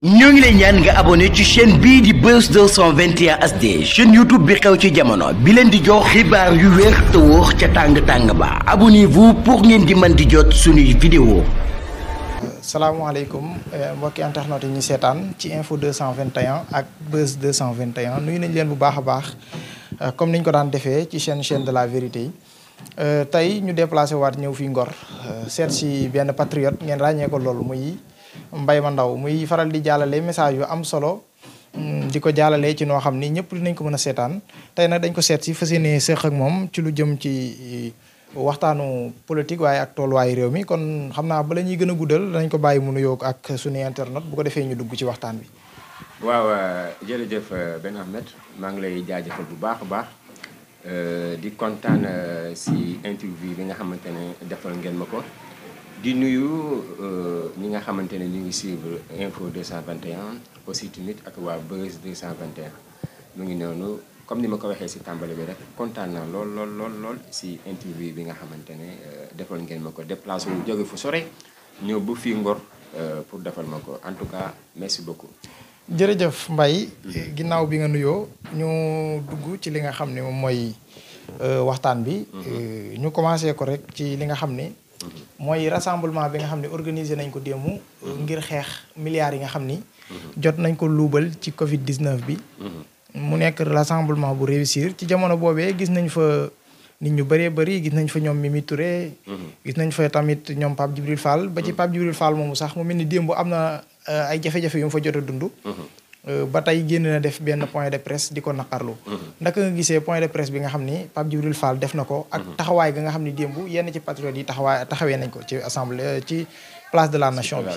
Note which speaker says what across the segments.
Speaker 1: ñoo ngi lay ñaan nga abonné ci chaîne bii di Buzz 221 HD chaîne YouTube bi xew ci jamono bi leen di jox xibaar yu weex te ca tàng tàng ba abonnez-vous pour ngeen di man di jot suñuy
Speaker 2: vidéo. salaamaaleykum eh, mbokki internautes yi ñu seetaan ci info 221 ak Buzz 221 nuyu nañ leen bu baax a baax eh, comme niñ ko daan defee ci chaîne chaîne de la vérité yi. Eh, tey ñu déplacé waat ñëw fii Ngor seet si benn patriote ngeen ràññee ko loolu muy. mbay ma ndaw muy faral di jàllale message yu am solo mm, di ko jàllale ci noo xam ni ñëpp dinañ ko mën a seetaan tey nag dañ ko seet si fas yéene seq ak moom ci lu jëm ci eh, waxtaanu politique waaye ak waaye réew mi kon xam naa bala ñuy gën a guddal danañ ko bàyyi mu nuyoo ak sunu internet bu ko defee ñu dugg ci waxtaan bi.
Speaker 1: waaw euh, jërëjëf euh, Ben Ahmed maa ngi lay jaajëfal bu baax a baax euh, di kontaan si interview bi nga xamante ne defal ngeen ma ko. di nuyu ñi nga xamante ne ngi suivre info 221 aussi tamit ak wa buzz 221 mu ngi noonu comme ni ma ko waxee si tàmbali bi rek kontaan na lol lol lol lol si interview bi nga xamante ne eh, defal ngeen ma ko déplacé wu jóge fu sore ñëw bu fii ngor eh, pour defal ma ko en tout cas merci
Speaker 2: beaucoup. jërëjëf Mbaye mm-hmm. bi nga nuyoo ñu dugg ci li nga xam ne eh, waxtaan bi. Mm-hmm. ñu commencé ko rek ci li nga mooy rassemblement bi nga xam ne organiser nañ ko démb. Mhm. ngir xeex milliards yi nga xam ni. Mhm. jot nañ ko luubal ci Covid 19 bi. Mhm. mu nekk rassemblement bu réussir ci jamono boobee gis nañ fa nit ñu bëree bëri gis nañ fa ñoom Mimi Touré. gis nañ fa tamit ñoom Pape Djibril Fall. ba ci Pape Djibril Fall moomu sax mu mel ni démb am na euh, ay jafe-jafe yu mu fa jot a dund. Euh, ba tey génn na def benn point de presse di ko naqarlu mm-hmm. ndaka nga gisee point de presse bi nga xam ni Pape Djibril Fall def na ko ak mm-hmm. taxawaay bi nga xam ni démb yenn ci patriotes yi taxawaay taxawee nañ ko ci assemblée euh, ci place de la nation bi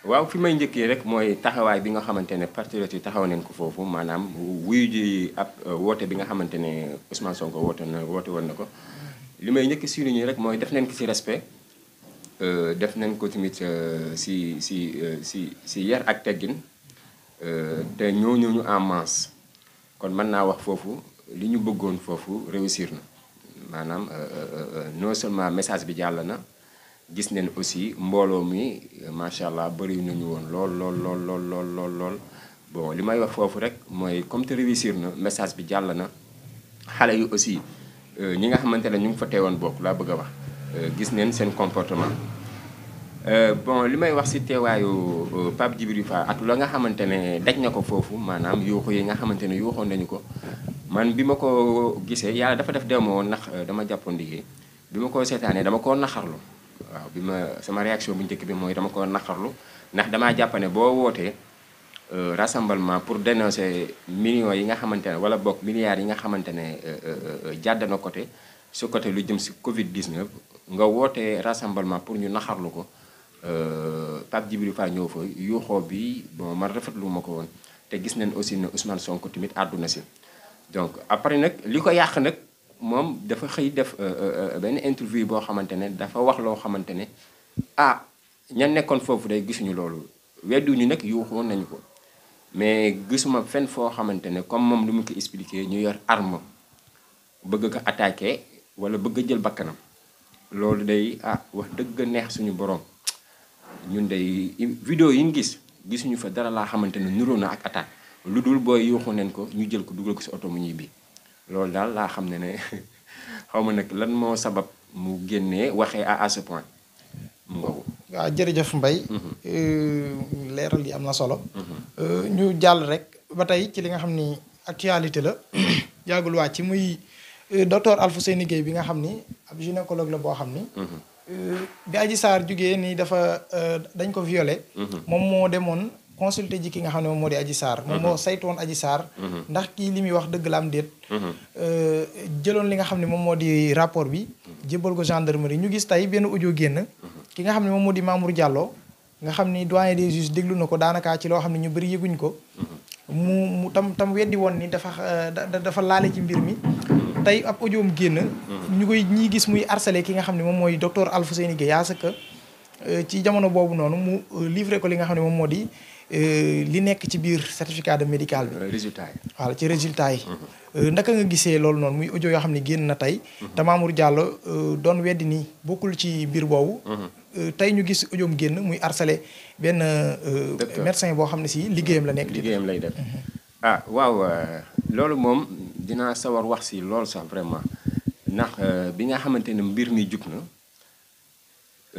Speaker 1: waaw fi may njëkkee rek mooy taxawaay bi nga xamante ne patriotes yi taxaw nañ ko foofu maanaam wuyu ji ab euh, woote bi nga xamante ne Ousmane Sonko woote na woote woon na ko li may njëkk ñi rek mooy def nañ ko ci respect def nañ ko tamit si si si si yar ak teggin Euh, te ñooñu ñu en masse kon mën naa wax foofu li ñu bëggoon foofu réussir na maanaam euh, euh, non seulement message bi jàll na gis neen aussi mbooloo mi macha allah bëri nañu woon lool lool lool lool lool lool lool li may wax foofu rek mooy comme te réussir na message bi jàll na xale yu aussi ñi nga xamante ne ñu ngi fa woon bokk laa bëgg a wax gis neen seen comportement Euh, bon li may wax si teewaayu euh, Pape Djibril Fall ak la nga xamante ne daj na ko manam, maanaam yuuxu yi nga nañu ko man bi ko gisee yàlla dafa def demo, ndax euh, dama jàppoon liggéey bi ko seetaanee dama koo naxarlu waaw bima sama réaction bu njëkk bi mooy dama koo naxarlu ndax damaa jàpp ne boo wootee rassemblement pour dénoncer millions yi nga xamante wala bok milliards yi nga xamante ne jàdd na côté su côté lu jëm si Covid 19 nga wootee rassemblement pour ñu naxarlu ko. Euh, Pape Djibril Fall ñëw fa yuuxoo bi bon man rafetlu ma ko woon te gis nañ aussi ne Ousmane Sonko tamit àdduna si donc après nag li ko yàq nag moom dafa xëy def euh, euh, benn interview boo xamante ne dafa wax loo xamante ne ah ña nekkoon foofu day gisuñu loolu wedduñu nag yuuxoon nañu ko mais gisuma fenn foo xamante ne comme moom lu mu ko expliqué ñu yor arme bëgg ko attaqué wala bëgg jël bakkanam loolu day ah wax dëgg neex suñu borom. ñun day vidéo yi ñu gis gisuñu fa dara laa xamante ne nuroo na ak attaque lu dul booy yuuxu neen ko ñu jël ko dugal ko si oto mu ñibbi loolu daal laa xam ne ne xaw ma nag lan moo sabab mu génne waxee à ce point
Speaker 2: mu ngoog. waaw jërëjëf Mbaye. Mhm. Euh, leeral yi am na solo. Mhm. Euh, ñu jàll rek ba tey ci li nga xam ni actualité la yàggul waa ci muy euh, docteur Alfousseyni Guèye bi nga xam ni ab gynécologue la boo xam ni. Mhm. Euh, bi Adji Sarr jugee nii dafa euh, dañ ko violé. Mhm. moom moo demoon consulter ji ki nga xam ne moom moo di Adji Sarr. moom moo mhm. saytoon Adji Sarr. Mhm. ndax kii li muy wax dëgg la am déet. Euh, jëloon li nga xam ne moom moo di rapport bi. jébbal ko gendarmerie ñu gis tey benn audio génn. ki nga xam ne moom moo di Mamour Diallo. nga xam ni doyen des juges déglu na ko daanaka ci loo xam ne ñu bëri yëguñ ko. mu mu tam tam weddi woon ni dafa dafa laale ci mbir mi. tey ab audio génn. ñu koy ñiy gis muy harcelé ki nga xam ne moom mooy docteur Alfousseyni Gueye yaa que euh, ci jamono boobu noonu mu euh, livré ko li nga xam ne moom moo di euh, li nekk ci biir certificat de médical bi. résultat yi ci résultat yi. Mhm. ndaka nga gisee loolu noonu muy audio yoo xam ne génn na tey. Mhm. te Mamour Diallo doon weddi nii bokkul ci mbir boobu. Mhm. tey ñu gis audio mu génn muy harcelé benn. médecin boo xam ne si liggéeyam la nekk. liggéeyam lay def ah waaw loolu moom dinaa sawar
Speaker 1: wax si loolu sax vraiment. ndax euh, bi nga xamante ne mbir ni jug na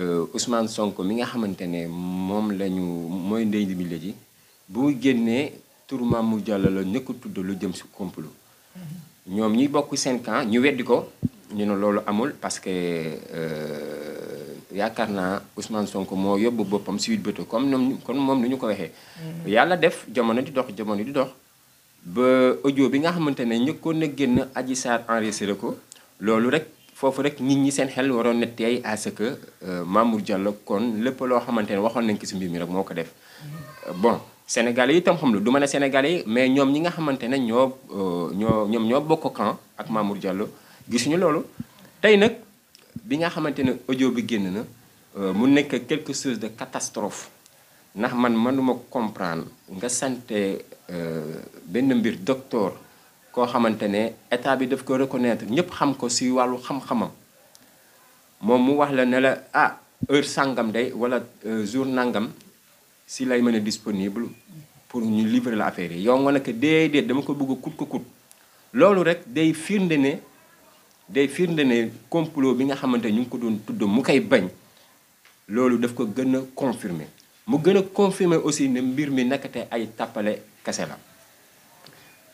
Speaker 1: euh, Ousmane sonk mi nga xamante ne moom lañu mooy ndey la ji bu génnee tourment mu Diallo la ñëkk tudd lu jëm si complot ñoom ñi bokk seen camp ñu weddi ko ñu ne loolu amul parce que euh, yaakaar naa Ousmane sonk moo yóbbu boppam si bët comme ñoom comme moom ni ñu ko waxee. Mm. yàlla def jamono di dox jamono di dox. ba audio bi nga xamante ne ñëkkoon na génn Adji Sarr enregistré ko. loolu rek foofu rek nit ñi seen xel waroon na tey à ce que euh, Mamour Diallo kon lépp loo xamante ne waxoon nañ ki si mbir mi rek moo ko def euh, bon sénégal yi itam xam la du ma ne yi mais ñoom ñi nga xamante ne ñoo euh, ñoo ñoom ñoo bokk camp ak Mamour Diallo gisuñu loolu tey nag bi nga xamante ne audio bi génn na mu nekk quelque chose de catastrophe ndax man mënuma comprendre nga sante benn mbir doctor koo xamante ne état bi daf ko reconnaître ñëpp xam ko si wàllu xam-xamam moom mu wax la ne la ah heure sàngam day wala euh, jour nangam si lay mën a disponible pour ñu livrer la affaire yi yow nga ne que déedéet dama ko bëgg kut ko kut loolu rek day firnde ne day firnde ne complot bi nga xamante ñu ngi ko doon tudd mu koy bañ loolu daf ko gën a confirmer mu gën a confirmer aussi ne mbir mi nekkate ay tàppale kese la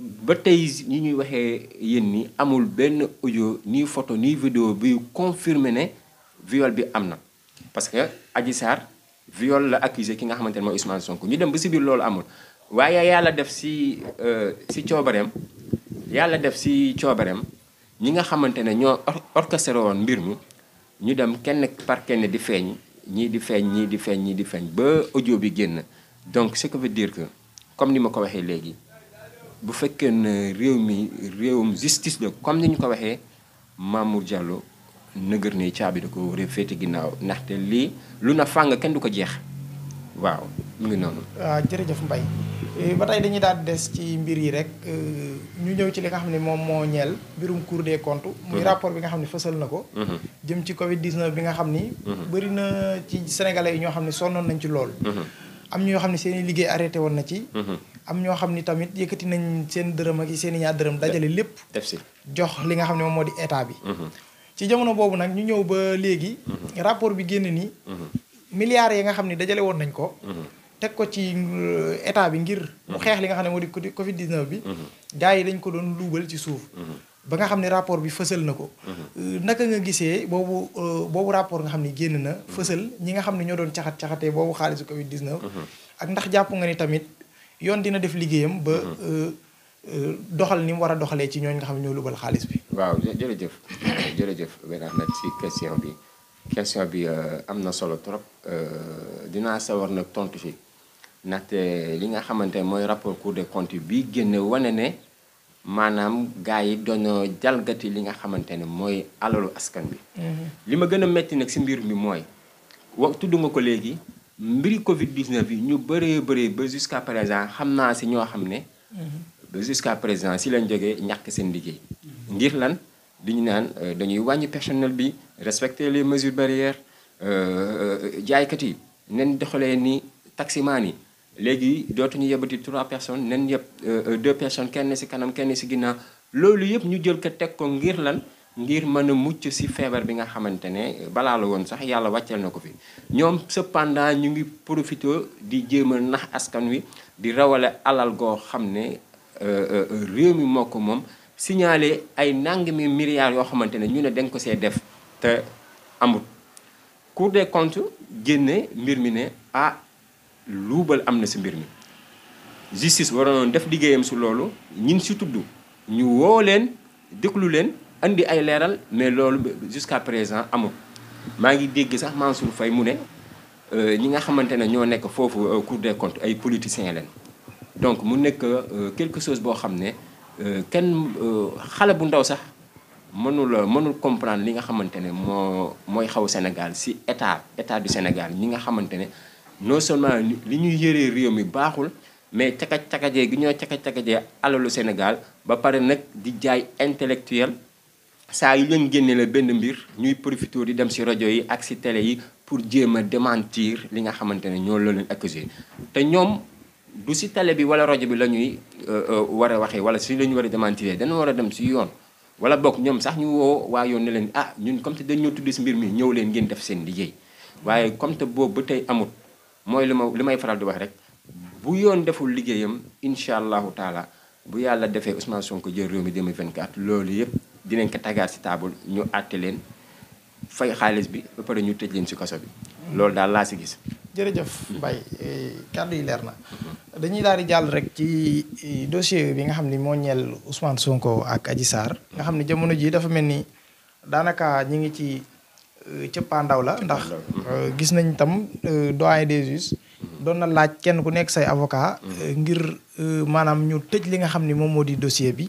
Speaker 1: ba tey ñi ñuy waxee yéen ni amul benn audio ni photo ni vidéo bi confirmer ne viol bi am na parce que aji Sarr viol la accusé ki nga xamante ne mooy Ousmane Sonko ñu dem ba si biir loolu amul waaye yàlla def si euh, si coobareem yàlla def si coobareem ñi nga xamante ne ñoo orchestré woon mbir mi ñu dem kenn par kenn di feeñ ñii di feeñ ñii di feeñ ñii di feeñ ba audio bi génn donc ce que veut dire que comme ni ma ko waxee léegi bu fekkee ne réew mi réewum justice la comme ni ñu ko waxee Mamour Diallo nëgër ne caabi da ko war a ginnaaw ndaxte lii lu na fàng kenn du ko jeex waaw mu ngi noonu.
Speaker 2: waaw ah, jërëjëf Mbaye eh, ba tey dañu daal des ci mbir yi rek eh, ñu ñëw ci li nga xam ne moom moo ñeel mbirum Cour des comptes. muy mhm. rapport bi nga xam ne fësal na ko. Mhm. jëm ci Covid 19 bi nga xam ni. Mhm. bëri na ci sénégalais yi ñoo xam ne sonoon nañ ci lool. am ñoo xam ne seen i liggéey arrêté woon na ci. am ñoo xam ni tamit yëkkati nañ seen dërëm ak yi seen i ñaar dërëm dajale lépp si jox li nga xam ne moom moo di état bi mm-hmm. ci jamono boobu nag ñu ñëw ba léegi mm-hmm. rapport bi génn nii mm-hmm. milliards yi nga xam ne dajale woon nañ ko teg ko ci euh, état bi ngir mu xeex li nga xam ne moo di covid bi gars yi dañ ko doon luubal ci suuf ba nga xam ne rapport bi fësal na ko euh, naka nga gisee boobu euh, boobu rapport nga xam ne génn na fësal ñi nga xam ne ñoo doon caxat-caxatee boobu xaalisu covid 19 ak ndax jàpp nga ne tamit yoon dina def liggéeyam ba mm-hmm. euh, euh, doxal ni mu war a doxalee ci ñooñ nga xam ne ñoo lubal xaalis bi.
Speaker 1: waaw jërëjëf jërëjëf ci question bi question bi euh, na solo trop dinaa sawar nag tontu fi ndaxte li nga xamante ne mooy rapport Cour des comptes bi wane ne maanaam gars yi jalgati li nga xamante ne mooy alalu askan bi. Mm-hmm. li ma gën a mbir mbiri Covid 19 bi ñu bëree bëree ba jusqu'à présent xam naa si ñoo xam ne. ba jusqu'à présent si lañ jógee ñàkk seen liggéey. ngir lan di ñu naan euh, dañuy wàññi personnel bi respecter les mesures barrières euh, euh, jaaykat yi nen doxalee ni taximaan yi léegi dootuñu yebati trois personnes nen yeb deux personnes kenn si kanam kenn si ginnaaw loolu yëpp ñu jël ko teg ko ngir lan. ngir mën a mucc si feebar bi nga xamante ne balaa la woon sax yàlla wàcceel na ko fi ñoom cependant ñu ngi profité di jéem a nax askan wi di rawale alal goo xam ne euh, euh, euh, réew mi moo moom signalé ay nangami milliards yoo xamante ne ñu ne dañ ko see def te amut Cour de comptes génne mbir mi ne ah luubal am na si mbir mi justice waroon def liggéeyam si loolu ñin si tudd ñu woo leen déglu leen andi ay leral mais loolu jusqu'à présent amul ma ngi dégg sax Mansour fay mu ne euh, ñi nga xamante ne ñoo nekk foofu euh, Cour des comptes ay politiciens leen donc mu que euh, quelque chose bo xam ne kenn xale bu ndaw sax mënul mënul comprendre li nga xamante ne moo mooy xaw Sénégal ci état état du Sénégal ñi nga xamante non seulement li ñuy yéré réew mi baaxul mais taka cakajee gi ñoo taka cakajee alalu Sénégal ba paré nak di jaay intellectuel saa yu leen génnee la benn mbir ñuy profité di dem si rajo yi ak si télé yi pour jéem a démentir li nga xamante ne ñoo la leen accusé te ñoom du si tele bi wala rajo bi la ñuy euh, euh, war a waxee wala si la ñu war a démentir war a dem si yoon wala bokk ñoom sax ñu woo waa yoon ne leen ah ñun comme te dañoo tudd si mbir mi ñëw leen ngeen def seen liggéey waaye comme te boobu ba tey amut mooy li ma may faral di wax rek bu yoon deful liggéeyam incha allahu taala bu yàlla defee Ousmane Sonko jël réew mi 2024 loolu yëpp dinañ ko tagaar si table ñu àtte leen fay xaalis bi ba pare ñu tëj leen si kaso bi loolu daal laa si gis
Speaker 2: jërëjëf mm-hmm. Mbaye eh, kàddu yi leer na dañuy daal di jàll rek ci eh, dossier bi nga xam ni moo ñeel Ousmane Sonko ak Adji Sarr nga xam ni jamono ji dafa mel ni daanaka ñu ngi ci eh, cëppaandaw la ndax gis nañ tam doyen des juges mm-hmm. doon na laaj kenn ku nekk say avocat mm-hmm. ngir maanaam ñu tëj li nga xam ni moom moo di dossier bi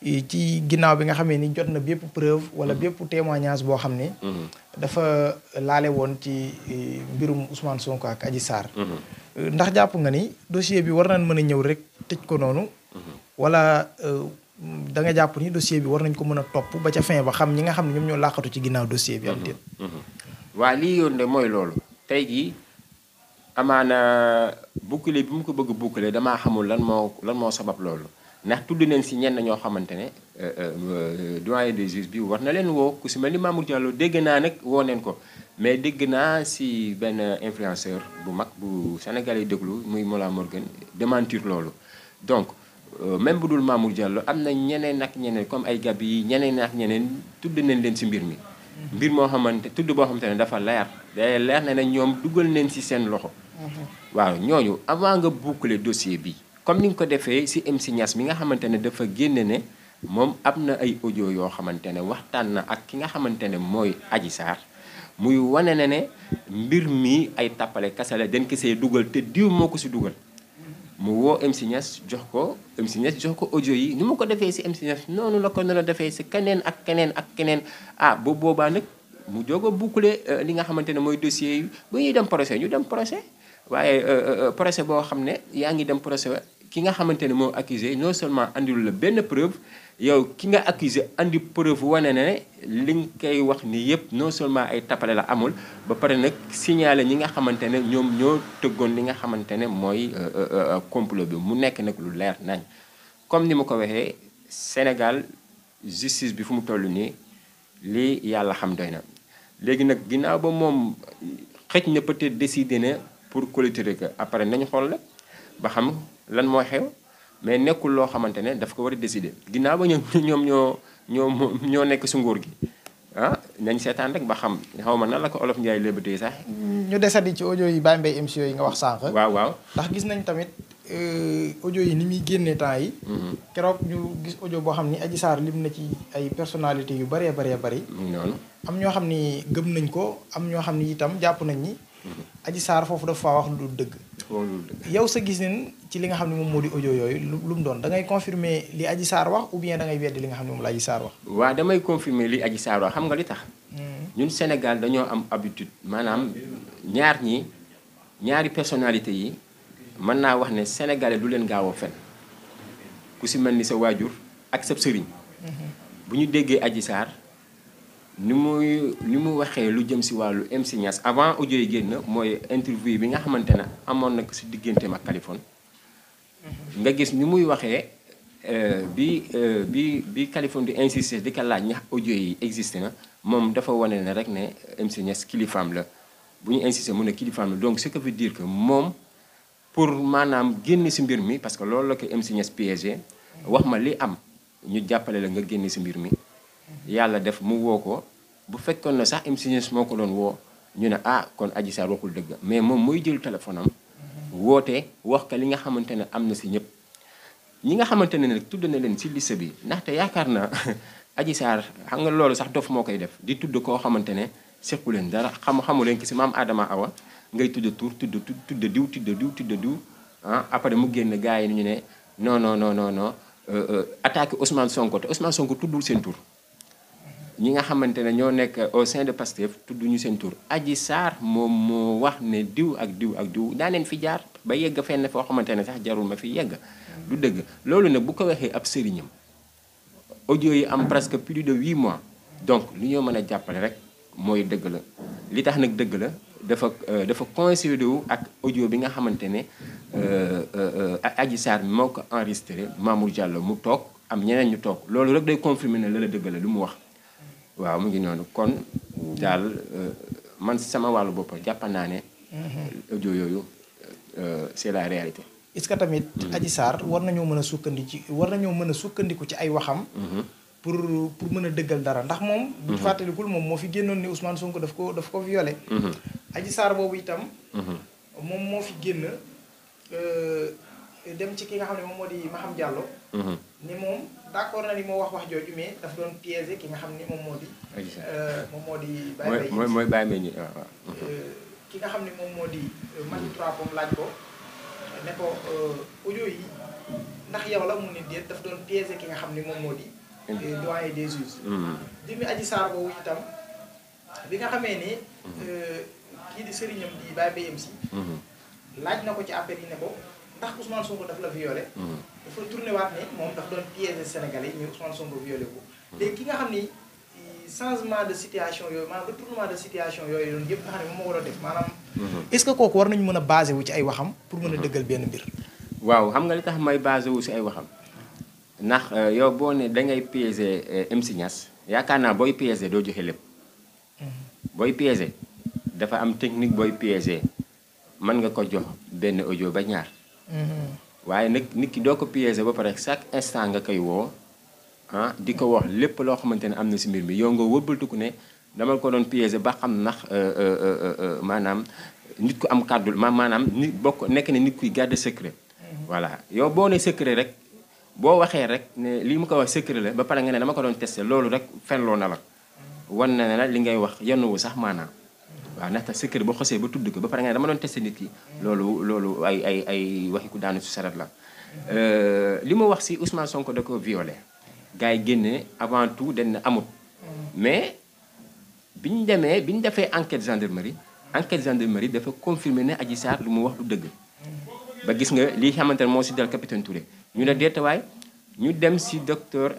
Speaker 2: ci ginnaaw bi nga xamee ni jot na bépp preuve wala mm-hmm. bépp témoignage boo xam ni mm-hmm. dafa laale woon ci eh, mbirum Ousmane Sonko ak aji Sarr mm-hmm. euh, ndax jàpp nga ni dossier bi war nañ mën a ñëw rek tëj ko noonu wala euh, da nga jàpp ni dossier bi war nañ ko mën a topp ba ca fin ba xam ñi nga xam ne ñoom ñoo làqatu ci ginnaaw dossier bi am déet
Speaker 1: waa lii yoon de mooy loolu tey jii amaana boucler bi mu ko bëgg boucler damaa xamul lan moo lan moo sabab loolu ndax tudd nañ si ñenn ñoo xamante ne euh, euh, euh, doyen des juges bi war na leen woo ku si mel ni Mamour Diallo dégg naa nag woo neen ko mais dégg naa si benn influenceur bu mag bu sénégalais yi déglu muy Mola Morgan démentir loolu. donc même bu dul Mamour Diallo am na ñeneen ak ñeneen comme ay gab yi ñeneen ak ñeneen tudd nañ leen si mbir mi. mbir moo xamante tudd boo xamante ne dafa leer day leer na ne ñoom dugal nañ si seen loxo. Mhm. waaw ñooñu avant nga boucler dossier bi. comme ni ko defee si MC Niass mi nga xamante ne dafa génne ne moom am na ay audio yoo xamante ne waxtaan na ak ki nga xamante ne mooy Adji Sarr muy wane ne ne mbir mi ay tappale kese la dañ ko see dugal te diw moo ko si dugal mu woo MC Niass jox ko MC Niass jox ko audio yi ni mu ko defee si MC Niass noonu la ko nar defee si keneen ak keneen ak keneen ah bu boobaa nag mu jóg a boucler euh, li nga xamante ne mooy dossier yi bu ñuy dem procès ñu dem procès waaye euh, euh, procès boo xam ne yaa ngi dem procès ki nga xamante ne moo accusé non seulement andil la benn preuve yow ki nga accusé andi preuve wone na ne li nga wax ni yëpp non seulement ay tappale la amul ba parene nag signaler ñi nga xamante ne ñoom ñoo tëggoon li nga xamante ne mooy euh, euh, euh, complot bi mu nekk nak lu leer nañ comme ni ma waxé Sénégal justice bi fu mu toll nii lii yàlla xam doyna légui nak nag ba mom xëj na peut-être décider né pour clôturer que après nañ xol ba xam lan moo xew mais nekkul loo xamante ne daf ko war a décider ginnaaw ba ñoom ñoom ñoo ñoo ñoo nekk su nguur gi ah nañ seetaan rek ba xam xaw ma nan la ko olof Ndiaye lébatee sax.
Speaker 2: Mm, ñu desandi ci audio yi Baye Mbaye émission yi nga wax sànq. waaw waaw ndax gis nañ tamit euh, audio yi ni muy génnee temps yi. Mm-hmm. keroog ñu gis ojo boo xam ni Adji saar lim na ci ay personalité yu bëree bëree bëri. am ñoo xam ni gëm nañ ko am ñoo xam ni itam jàpp nañ ni. Adji Sarr foofu dafa faa wax lu dul dëgg yow sa gis nin ci li nga xam ne moom moo di audio yooyu lu mu doon da ngay confirmer li Adji Sarr wax ou dangay da ngay weddi li nga xam ne moom la Adji Sarr wax
Speaker 1: waaw damay confirmer li Adji Sarr wax xam nga li tax hmm. ñun Sénégal dañoo am habitude maanaam ñaar ñi ñaari personnalité yi mën naa wax ne sénégalais du leen gaaw a fen ku si mel ni sa waajur ak sa sëriñ hmm. bu ñu déggee Adji ni muy ni mu waxee lu jëm si wàllu MC Niass avant audio yi génn mooy interview bi nga xamante ne amoon na ko si digganteem ak Kaliphone mhm. nga gis ni muy waxee euh, euh, bi bi bi Kaliphone di insisté di ko laaj ñax audio yi existé na moom dafa wane ne rek ne MC Niass kilifaam la bu ñu insisté mu ne kilifaam la donc ce que veut dire que moom pour maanaam génn si mbir mi parce que loolu la ko MC Niass piégé wax ma li am ñu jàppale la nga génn si mbir mi yàlla def mu woo ko bu fekkoon na sax MCNS moo ko doon woo ñu ne ah kon Adji Sarr waxul dëgg mais moom muy jël téléphone am woote wax ka li nga xamante ne am na si ñëpp ñi nga xamante ne nag tudd na leen si liste bi ndaxte yaakaar na Adji Sarr xam nga loolu sax dof moo koy def di tudd koo xamante ne sequ leen dara xam xamu leen ki si maam Adama Awa ngay tudd tur tudd tudd diw tudd diw tudd diw ah après mu génn gars yi ñu ne non non non non non euh, euh, attaque Ousmane Sonko te Ousmane Sonko tuddul seen tur. ñi nga xamante ne ñoo nekk au sein de Pastef tudd ñu seen tur aji Sarr moom moo wax ne diw ak diw ak diw daa leen fi jaar ba yegg fenn foo xamante ne sax jarul ma fi yegg du dëgg loolu nag bu ko waxee ab sëriñam audio yi am presque plus de mois donc lu ñoo mën a jàppale rek mooy dëgg la li tax nag dëgg la dafa euh, dafa coïncidé ak audio bi nga xamante ne euh, euh, Adji Sarr moo ko enregistré Mamour Diallo mu toog am ñeneen ñu toog loolu rek day confirmer ne la la dëgg la lu mu wax waaw mu ngi noonu kon daal euh, man sama wàllu boppa jàpp naa ne.
Speaker 2: Mhm.
Speaker 1: audio yooyu euh, c'est la
Speaker 2: réalité. est-ce que tamit. Mhm. Adji Sarr war nañoo mën a sukkandi ci war nañoo mën a sukkandiku ci ay waxam. Mhm. pour pour mën a dëggal dara ndax moom. bu fàttalikul moom moo fi génnoon ni Ousmane Sonko daf ko daf ko violé. Adji Sarr boobu itam. moom moo fi génn euh, dem ci ki nga xam ne moom moo di xam Diallo. ni moom d'accord na ni moo wax wax jooju mais daf doon piéger ki nga xam ni moom moo di. Euh, moom moo di. mooy mooy
Speaker 1: bàyyi meññ waaw waaw.
Speaker 2: Euh, ki nga xam ne moom moo di euh, magistrat boobu laaj ko ne ko yi ndax yow la mu ne déet daf doon piéger ki nga xam ni moom moo di. Mm. doyen des juges. jëmmi aji saar boobu itam bi nga xamee ni. Mm. kii di sëriñam di bàyyi bayam si. laaj na ko ci affaire yi ne ko ndax Ousmane Sonko daf la violé. Mm. dafa tourné waat ne moom daf doon piéger Sénégalais yi ñu Ousmane Sonko violé ko léegi ki nga xam ni changement de situation yooyu maanaam yooyu noonu yëpp nga mhm. ce que kooku war nañu mën a basé wu ci ay waxam pour mën a mhm. dëggal benn mbir.
Speaker 1: waaw xam nga li tax may basé wu si ay waxam ndax euh, yow boo ne dangay piéger euh, MC Niass yaakaar naa booy piéger doo joxe lépp mhm. booy dafa am technique booy piéger mën nga ko jox benn audio ba ñaar. waaye nag nit ki doo ko piéger ba pare chaque instant nga koy woo ah di ko wax lépp loo xamante ne am na si bi mi yow nga wëbbaltuku ne dama ko doon piéger ba xam ndax euh, euh, euh, maanaam nit ku am kàddu ma maanaam nit bokk nekk ne nit kuy garder secret. voilà yow boo ne secret rek boo waxee rek ne lii mu ko wax secret la ba pare nga ne dama ko doon testé loolu rek fenloo na la wan na ne la li ngay wax yenn wu sax maanaam. waaw ndaxte secret boo xosee ba tudd ko ba pare dama doon testé nit ki loolu loolu ay ay ay la euh, wax si Ousmane Sonko da ko violé avant tout dañ amut mais bi ñu demee bi enquête gendarmerie enquête gendarmerie dafa confirmer ne Adji ba gis nga capitaine Touré ñu ne ñu dem docteur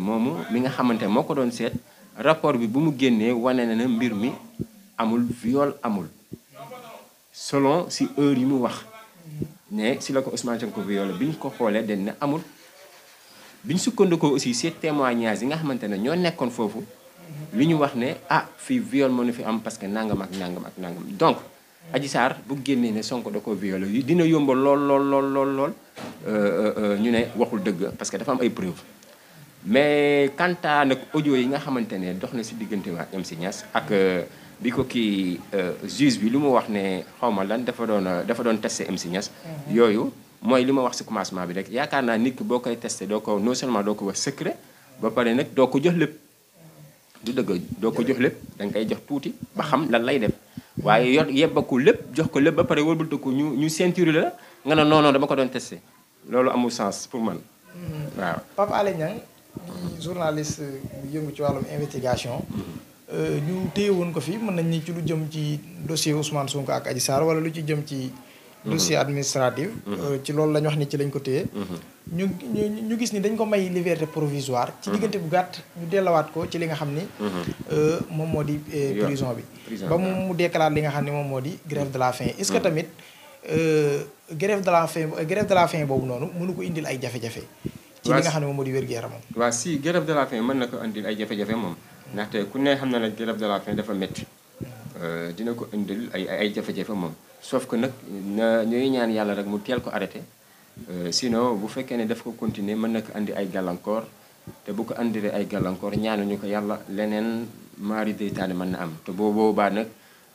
Speaker 1: moomu mi nga xamante moo ko rapport bi bu mu amul viol amul selon si heure yi mu wax ne si la ko Ousmane Sonko viol biñ ko xolé den ne amul biñ ñu ko aussi ces témoignages yi nga xamantene ño ñoo fofu foofu li ñu wax ne ah fi viol mënu fi am parce que nangam ak nangam ak nangam donc Adji Sarr bu génnee ne Sonko da ko violé yi dina yombal lol lol lol euh, euh euh ñu né waxul dëgg parce que dafa am ay preuves mais quant à nag audio yi nga xamantene dox na ci diggante waa MC Niass ak euh, bi ko kii euh, juge bi lu mu wax ne xawma lan dafa doon euh, dafa doon testé MC Niass mhm. yooyu mooy li ma wax si commencement bi rek yaakaar naa nit ki boo koy testé doo ko non seulement doo ko wax secret ba pare nag doo ko jox lépp du dëgg doo ko jox lépp da koy jox tuuti ba xam lan lay def waaye yor yebbaku lépp jox ko lépp ba pare wëlbatu ko ñu ñu ceinture la nga ne non dama ko doon testé loolu amul sens pour man
Speaker 2: mhm. waaw Pape Alé Niang bu yëngu ci wàllum investigation mhm. Euh, ñu téye woon ko fi mën nañ ni ci lu jëm ci dossier Ousmane Sonko ak Adji Sarr wala lu ci jëm ci mhm. dossier administratif mhm. euh, ci loolu lañu wax ni ci lañ ko téye mhm. ñu ñu gis ni dañ ko may liberté provisoire ci diggante bu gàtt ñu dellawaat ko ci li nga xam ni moom moo di prison bi ba moom mu déclare li nga xam ne moom moo di grève de la fin est-ce que tamit grève de la faim euh, grève de la fin boobu noonu mënu ko indil ay jafe-jafe ci li nga xam ne moom moo di wér-gu-yaramam
Speaker 1: waaw si grève de la faim mën na ko indil ay jafe moom ndaxte ku ne xam na ne grève de la faim dafa métti euh, dina ko indil ay ay jafe-jafe moom sauf que nag na ñooy ñaan yàlla rek mu teel ko arrêté euh, sinon bu fekkee ne daf ko continuer mën na ko indi ay gàllankoor te bu ko andiree ay gàllankoor ñaanuñu ko yàlla leneen maari deytaane mën na am te boo boobaa nag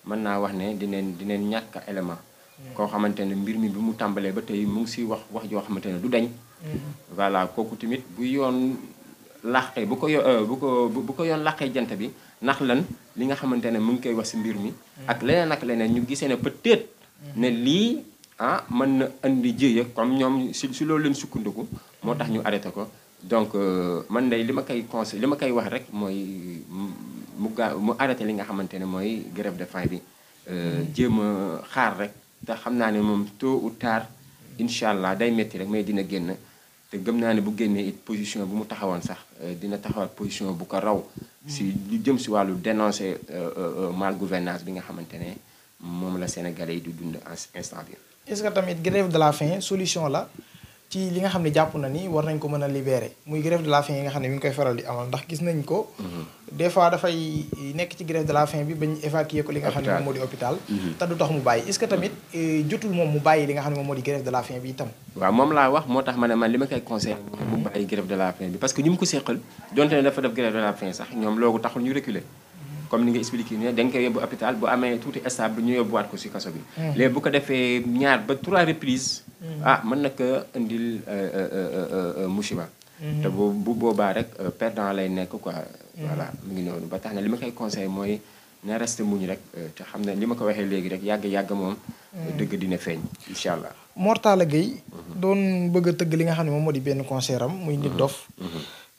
Speaker 1: mën naa wax ne dineen dineen ñàkk élément koo xamante ne mbir mi bi mu tàmbalee ba tey mu ngi si wax wax joo xamante ne du dañ mm-hmm. voilà kooku tamit bu làqee bu ko yo euh, bu ko bu ko yoon làqee jant bi ndax lan li nga xamante ne mu ngi koy wax si mbir mi mm. ak leneen ak leneen ñu gisee ne peut-être mm. ne lii ah mën na indi jéeya comme ñoom si si loolu leen sukkandiku moo tax ñu arrêté ko donc euh, man day li ma koy conseil li ma koy wax rek mooy mu gaa mu arrêté li nga xamante ne mooy grève de faim bi euh, mm. jéem a xaar rek te xam naa ne moom tôt ou tard incha allah day métti rek mais dina génn te gëm naa ne bu génnee it position bu mu taxawoon sax euh, dina taxawaat position bu ko raw si hmm. lu jëm si wàllu dénoncer euh, euh, mal gouvernance bi nga xamante ne moom la Sénégalais yi di dund instant bi
Speaker 2: est-ce que tamit grève de la faim solution la ci li nga xam ne jàpp na ni war nañ ko mën a libérer muy grève de la faim yi nga xam ne mi ngi koy faral di amal ndax gis nañ ko. Mm-hmm. des dafay nekk ci grève de la faim bi bañ ñu mm-hmm.
Speaker 1: euh, mu ko seqal donte ne dafa def grève de la faim sax ñoom loolu taxul ñu reculer. Mm-hmm. comme ni nga expliqué ne dañ koy yóbbu hôpital bu amee tuuti stable ñu yóbbuwaat ko si kaso bi. léegi bu ko defee ñaar ba trois reprises ah mën na ko indil euh, euh, euh, musiba. Mhm. te bu bu boobaa rek perdant lay nekk quoi. Mhm. voilà mu ngi noonu ba tax na li ma koy conseil mooy na reste muñ rek te xam ne li ma ko waxee léegi rek yàgg yàgg moom.
Speaker 2: Mhm. dëgg
Speaker 1: dina feeñ incha allah.
Speaker 2: Mortala Gueye doon bëgg tëgg li nga xam ne moom moo di benn concert am. muy nit dof.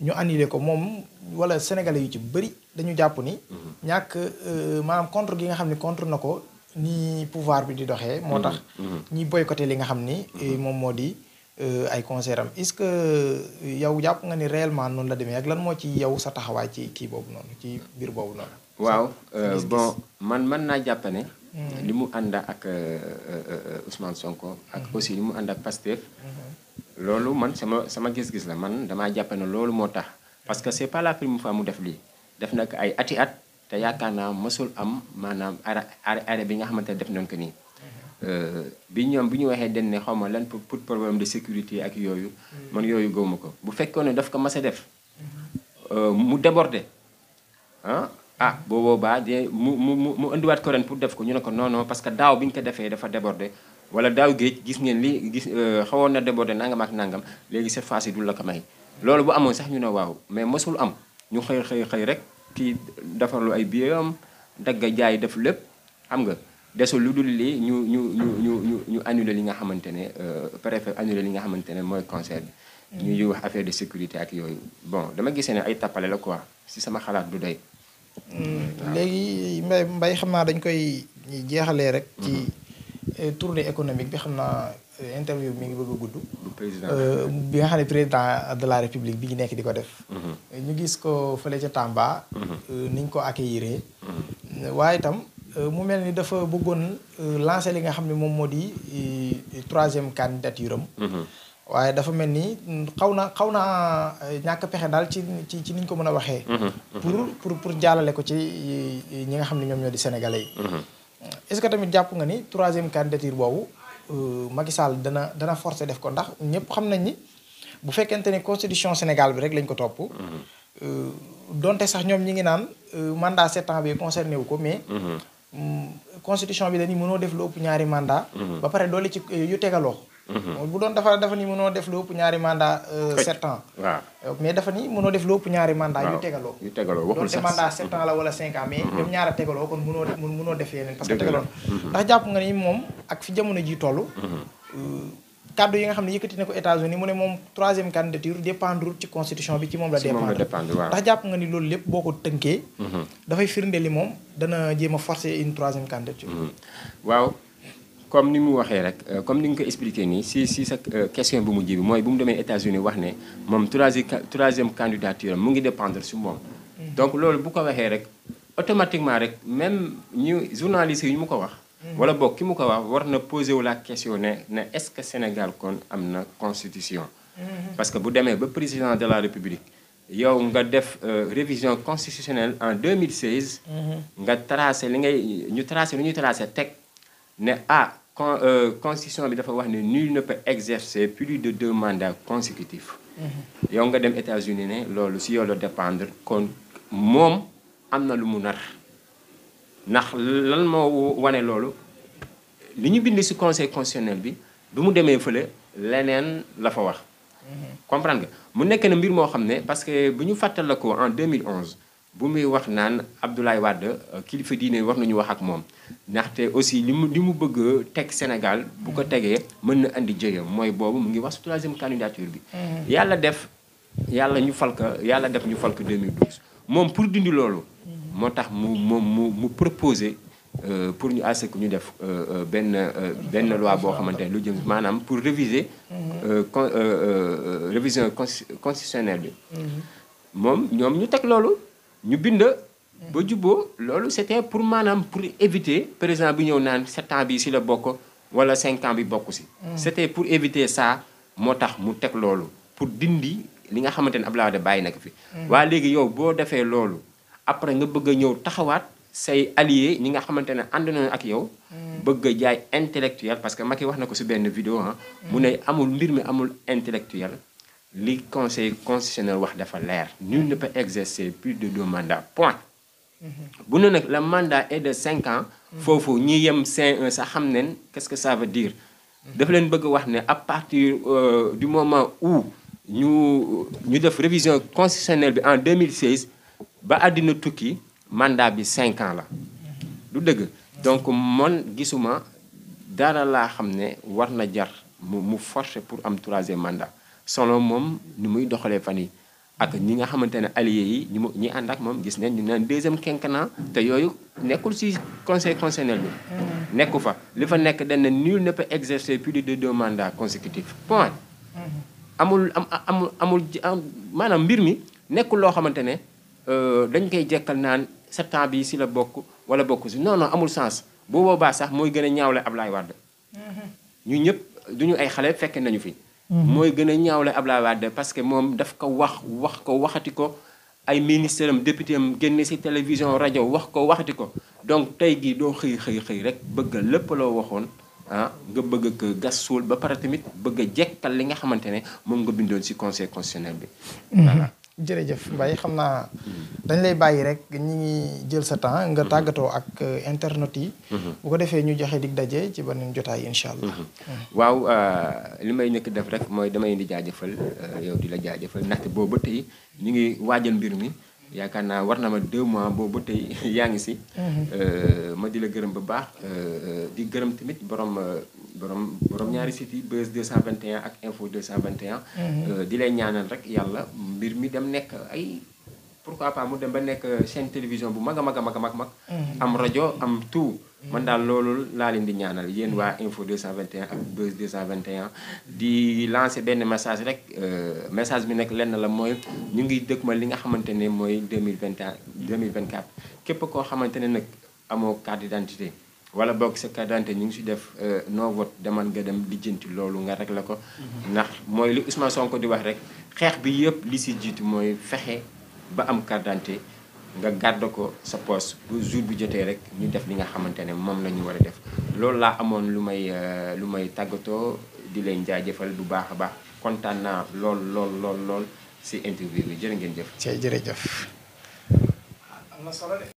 Speaker 2: ñu annulé ko moom wala sénégalais yu ci bëri dañu jàpp ni. ñàkk maanaam contre gi nga xam ne contre na ko. ni pouvoir bi di doxee moo tax mm-hmm, mm-hmm. ñi boycotté li nga xam ni mm-hmm. eh, moom moo di eh, ay concert am est-ce que eh, yow jàpp nga ni réellement noonu la demee ak lan moo ci yow sa taxawaay ci kii boobu noonu ci biir boobu noonu
Speaker 1: waaw euh, bon man mën naa jàpp ne li mu ak euh, euh, Ousmane Sonko ak aussi li mu ak Pastef loolu man sama sama gis-gis la man damaa jàpp ne loolu moo parce que c'est pas la première fois mu def lii def na ko ay ati at te yaakaar naa masul am maanaam ara arrêt bi nga xamante ne def nañ ko nii. Euh, bi ñoom bi ñu waxee dañ ne xaw ma lan pour pour problème de sécurité ak yooyu. Mm-hmm. man yooyu gëwuma ko bu fekkoon ne daf ko mas a def. Mm-hmm. Euh, mu débordé ah ah boo boobaa de mu mu mu mu indiwaat ko ren pour def ko ñu ne ko noonu parce que daaw bi ñu ko defee dafa débordé wala daaw géej gis ngeen li gis euh, xawoon na débordé nangam ak nangam léegi cette fois-ci du la ko may. loolu bu amoon sax ñu ne waaw mais masul am ñu xëy xëy xëy rek. kii defarlu ay biir am dagg jaay def lépp xam nga desul lu dul lii ñu ñu ñu ñu ñu ñu annulé li nga xamante ne euh, préfet annulé li nga xamante ne mooy concert bi. Mm. ñuy wax affaire de sécurité ak yooyu bon dama gisee ne ay tappale la quoi si sama xalaat du doy.
Speaker 2: Mm. léegi mbay mbay xam naa dañ koy jeexalee rek. ci mm-hmm. euh, tournée économique bi xam naa. Euh, interview bi mi ngi
Speaker 3: bëgg a euh,
Speaker 2: bi nga xam ne président de la république bi ñu nekk di ko def. Mhm. ñu gis ko fële ca Tamba. Mhm. Euh, niñ ko ak accueillir. Mhm. waaye itam mu mel ni dafa bëggoon lancer li nga xam ne moom moo di troisième candidature am. waaye dafa mel ni xaw na xaw naa ñàkk pexe daal ci ci ci niñ ko mën a waxee. pour pour pour jàllale ko ci ñi nga xam ne ñoom ñoo di sénégalais yi. est-ce que tamit jàpp nga ni troisième candidature boobu. Euh, Macky Sall dana dana forcé def ko ndax ñëpp xam nañ ni bu fekkente ni constitution Sénégal bi rek lañ ko topp. Mhm. Euh, donte sax ñoom ñi ngi naan euh, mandat sept ans bi concerné wu ko mais. Mhm. Mm, constitution bi dañuy mënoo def lu ëpp ñaari mandat mhm. ba pare doole ci yu tegaloo. Mhm. bu doon dafa dafa ni mënoo def lu ëpp ñaari mandat euh, sept ans waaw euh, mais dafa ni mënoo def lu ëpp ñaari mandat yu tegaloo
Speaker 1: yu tegaloo waxul sax mandat la
Speaker 2: wala cinq ans mais mhm. ñoom ñaar a tegaloo kon mënoo mënoo def yeneen parce que tegaloon mhm. ndax jàpp nga ni moom ak fi jamono ji toll
Speaker 1: euh,
Speaker 2: kaddu yi nga xam ne yëkkati na ko États-Unis mu moom troisième candidature dépendre ci constitution bi ci moom la dépendre ndax jàpp nga ni loolu lépp boo ko tënkee dafay firnde li moom dana jéem a forcer une troisième candidature
Speaker 1: waaw comme ni mu waxee rek euh, comme ni nga ko expliqué nii si si sa euh, question bu mujj bi mooy bu mu demee États-Unis wax ne moom troisième troisième candidature mu ngi dépendre sur moom. Mm. donc loolu bu ko waxee rek automatiquement rek même ñu journaliste yi ñu mu ko wax. Mm. wala boog ki mu ko wax war na posé wu la question ne est-ce que Sénégal kon am constitution.
Speaker 3: Mm-hmm. parce
Speaker 1: que bu demee ba président de la République. yow nga def euh, révision constitutionnelle en 2016. Mm-hmm. nga tracé li ngay ñu tracé lu ñuy tracé teg ne ah con euh, constitution bi dafa wax ne nul ne peut exercer plus de deux mandats consécutifs mhm. yow nga dem États-Unis ne loolu si yow la dépendre kon moom am na lu mu nar ndax lan moo wane loolu li ñu bind si conseil constitutionnel bi bi mu demee fële leneen la fa wax mhm. comprendre nga mu nekk na mbir moo xam ne parce que bu ñu fàttal la ko en 2011 bu muy wax naan Abdoulaye Wade euh, kilifa diine war nañu wax ak moom ndaxte aussi li mu li mu bëgg teg Sénégal bu ko mm. tegee mën na andi jëyam mooy boobu mu ngi wax su troisième candidature bi. Mm. yàlla def yàlla ñu fal ko yàlla def ñu fal ko 2012. moom pour dindi loolu. Mm. moo tax mu mu mu mu proposé euh, pour ñu àsek ñu def euh, benn benn loi boo xamante ne lu jëm maanaam pour réviser. révision constitutionnelle bi. moom ñoom ñu teg loolu ñu bind. ba lolo c'était pour manam pour éviter président bi ñëw naan 7 ans bi si la bokk wala cinq ans bi bokk si. Mm. c'était pour éviter ça motax mu tek loolu pour dindi li nga xamantene ne Abdoulaye baye nak fi. Mm. wa légui yow bo défé lolo. après nga bëgg a taxawat say allié ñi nga xamantene ne ànd ak yow. Mm. bëgg jaay intellectuel parce que maki wax na ko si benn vidéo hein. mu ne amul mbir mi amul intellectuel les conseil constitutionnel wax dafa leer nul ne peut exercer plus de deux mandats point mhm. bu le mandat est de 5 ans mhm. foofu ñi yem nous sax xam qu'est-ce que ça veut dire mhm. dafa leen bëgg wax à partir euh, du moment où nous ñu ñu def révision constitutionnelle en 2016 ba àddina tukki mandat bi cinq ans la du dëgg donc mon gisuma dara laa xam ne war na jar mu pour am troisième mandat selon moom ni muy doxalee fan yi ak ñi nga xamante ne alliés yi ñu ñi ànd ak moom gis ne ñu naan deuxième quinquennat te yooyu nekkul ci conseil constitutionnel bi
Speaker 3: mm.
Speaker 1: nekku fa li fa nekk dañ ne nul ne peut exercer plus de deux mandats consécutifs point
Speaker 3: mm-hmm.
Speaker 1: amul amul amul maanaam mbir mi nekkul loo xamante ne euh, dañ koy jekkal naan sept ans bi si la bokk wala bokk non non amul sens bu boobaa sax mooy gën a ñaawle Ablaye Wade
Speaker 3: mm-hmm.
Speaker 1: ñu ñëpp duñu ay xale fekke nañu fi Mm-hmm. mooy gën a ñaawle Abdoulaye Wade parce que moom daf ko wax wax ko waxati ko ay ministre am député am génne si télévision rajo wax ko waxati ko donc tey gi doo xëy xëy xëy rek bëgg a lo loo ah nga bëgg ko gas suul ba pare tamit bëgg a jekkal li nga xamante ne nga conseil constitutionnel bi mm-hmm.
Speaker 2: voilà jërëjëf Mbaye xam naa dañ lay bàyyi rek ñi ngi jël sa temps nga mhm. tàggatoo ak euh, internet yi. Mhm. bu ko defee ñu joxe dig daje ci beneen jotaay incha allah. Mhm.
Speaker 1: waaw euh, li may nekk def rek mooy damay di jaajëfal euh, yow di la jaajëfal ndaxte boo ba tey ñu ngi waajal mbir mi yaakaar naa war na ma deux mois boobu ba yaa ngi si. ma di la gërëm ba baax di gërëm tamit borom. borom borom ñaari sites yi Buzz 221 ak Info 221. Mhm. Euh, di leen ñaanal rek yàlla mbir mi dem nekk ay pourquoi pas mu dem ba nekk seen télévision bu mag a mag a mag a mag. Mhm. am rajo am tout. Mhm. man daal loolu laa leen di ñaanal yéen waa Info 221 ak Buzz 221 di lancer benn message rek euh, message bi nekk lenn la mooy ñu ngi dëkk ma li nga xamante ne mooy 2021 2024 képp koo xamante ne nag amoo carte d'identité wala boog sa carte ñu si def euh, non vote demal nga dem lijjanti loolu nga rek la ko. Mhm. ndax mooy li Ousmane Sonko di wax rek xeex bi yep li si jiitu mooy fexe ba am carte nga garde ko sa poste bu jour bi jotee rek ñu def li nga xamante ne moom la ñu def. loolu laa amoon lu may euh, lu di leen jaajëfal bu baax a baax kontaan naa lool lool lool lool si interview bi jërë ngeen jëf. cey jërëjëf.
Speaker 2: am na solo